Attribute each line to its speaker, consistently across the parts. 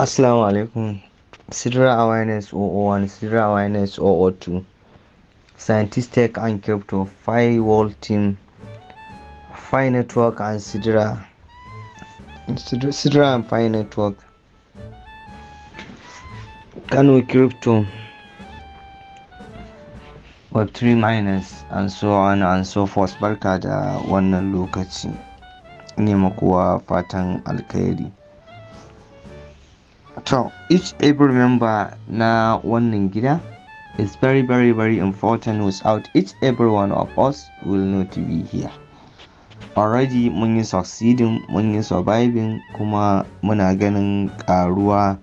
Speaker 1: Assalamu alaikum. Sidra Awareness 001, Sidra Awareness 002. tech and Crypto, Firewall Team, Fi Network and Sidra. Sidra, and Fi Network. Kano Crypto, Web3 Miners, and so on and so forth. Barka da wannan at Ne makuwa fatan alkhairi. To each every member na wannan gida is very very very important without each every one of us will not be here. Already mun yi succeeding mun yi surviving kuma muna ganin karuwa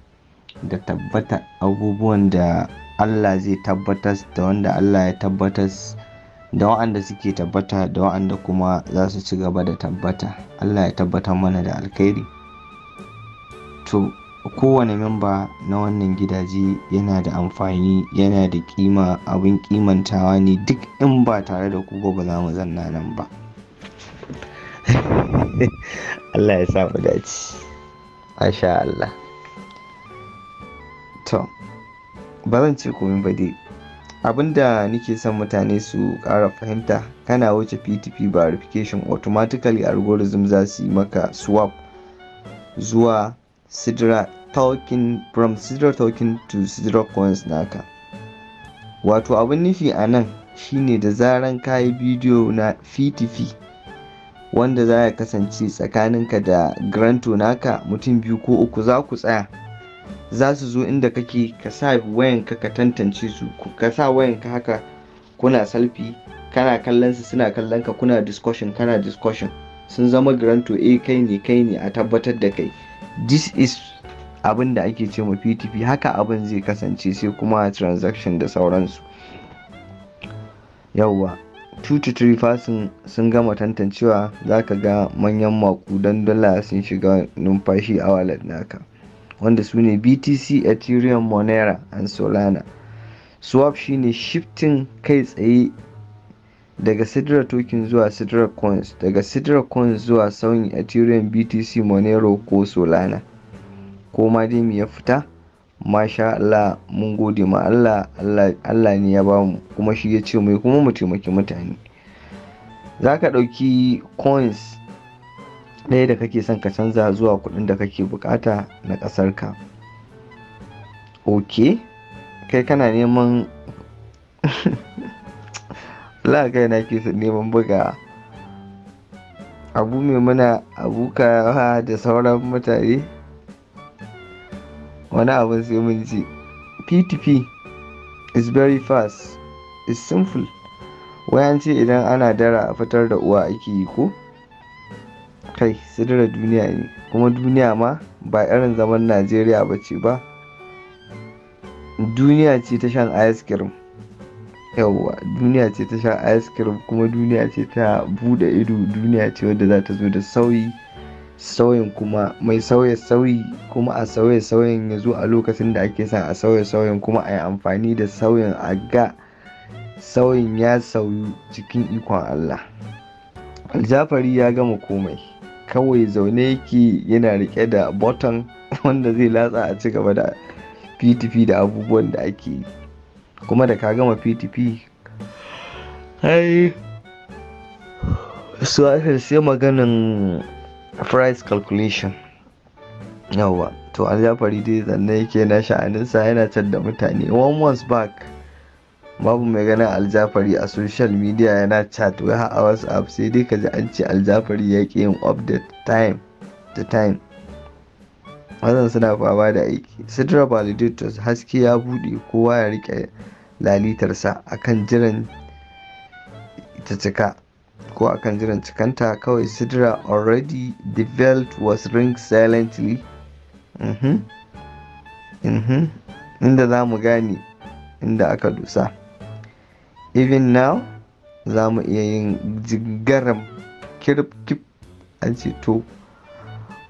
Speaker 1: da tabbata abubuwan da Allah zai tabbatas da wanda Allah ya tabbatar da wa'anda suke tabbata da wa'anda kuma za su ci gaba da tabbata Allah ya tabbatar mana da alkhairi to kowane memba na wannan gidaje yana da amfani yana da kima abin kimantawa ne duk in ba tare da kuma ba za mu zanna nan ba Allah ya sa mu dace Masha Allah to ba zan ce komai ba dai abinda nake son mutane su ƙara fahimta kana wuce ptp verification automatically algorithm za su yi maka swap zuwa sidra talking from Sidra talking to Sidra coins naka wato abin nufi a nan shine da zaran ka yi bidiyo na fitifi wanda za ya kasance tsakaninka da granto naka mutum biyu ko uku za ku tsaya za su zo inda kake ka sa wayanka ka tantance su ka sa wayanka haka kuna salfi kana kallon su suna kallon ka kuna discussion kana discussion sun zama granto a eh, kai ne kai ne a tabbatar da kai this is abin da ake ce ma p2p haka abin zai kasance sai kuma transaction da sauransu yauwa 2 3 fasin sun gama tantancewa za ka ga manyan makudan dala sun shiga numfashi a wallet naka wanda su ne btc ethereum monera and solana swap shine shifting kai tsaye daga sidra token zuwa sidra coins daga sidra coins zuwa sauyin ethereum btc monero ko solana ko ma dai mu ya fita masha Allah mun gode ma Allah Allah ne ya bamu kuma shi ya ce mai kuma mu taimaki mutane za ka ɗauki coins ɗaya da kake son ka canza zuwa kuɗin da kake bukata na ka? ok kai kana neman la kai na ke neman buga abu mai muna abuka da sauran mutane wani abin sai mun ji p2p is very fast is simple wayance idan ana dara a fitar da uwa ake yi ko kai sidira duniya ne kuma duniya ma ba irin zaman najeriya ba ce ba duniya ce ta shan ice cream yawwa duniya ce ta shan ice cream kuma duniya ce ta bude ido duniya ce wadda za ta zo da sauyi sauyin kuma mai sauya sauyi kuma a sauya sauyin ya zo a lokacin da ake son a sauya sauyin kuma a yi amfani da sauyin a ga sauyin ya sauyi cikin ikon Allah aljafari ya gama komai kawai zaune yake yana rike da button wanda zai latsa a ci gaba da ptp da abubuwan da ake yi kuma da ka gama ptp hai su sai maganin price calculation yawa to aljafari dai zanne yake na sha'aninsa yana can da mutane one month back babu mai ganin aljafari a social media yana chat wai a whatsapp sai dai kaji an ce aljafari ya yin update time to time wannan suna fama da aiki sidra validators haske ya bude kowa ya rike lalitarsa akan jiran ta cika ko akan jiran cikanta kawai sidra already the belt was ring silently mhm, mhm. inda za mu gane inda aka dusa even now za mu iya yin jigaran kip an ce to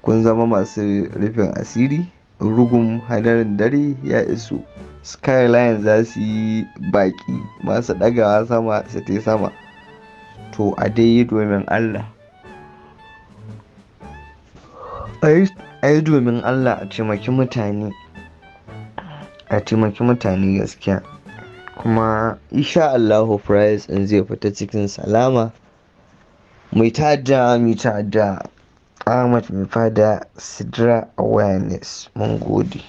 Speaker 1: kun zama masu rufin asiri rugun hadarin dare ya iso skyline za su yi baki masu dagawa sama su sama to a dai yi domin Allah a yi domin Allah a taimaki mutane a taimaki mutane gaskiya kuma isha Allahu price in zai fita cikin salama mai tada mai tada Ahmad mai fada sidra awareness mun gode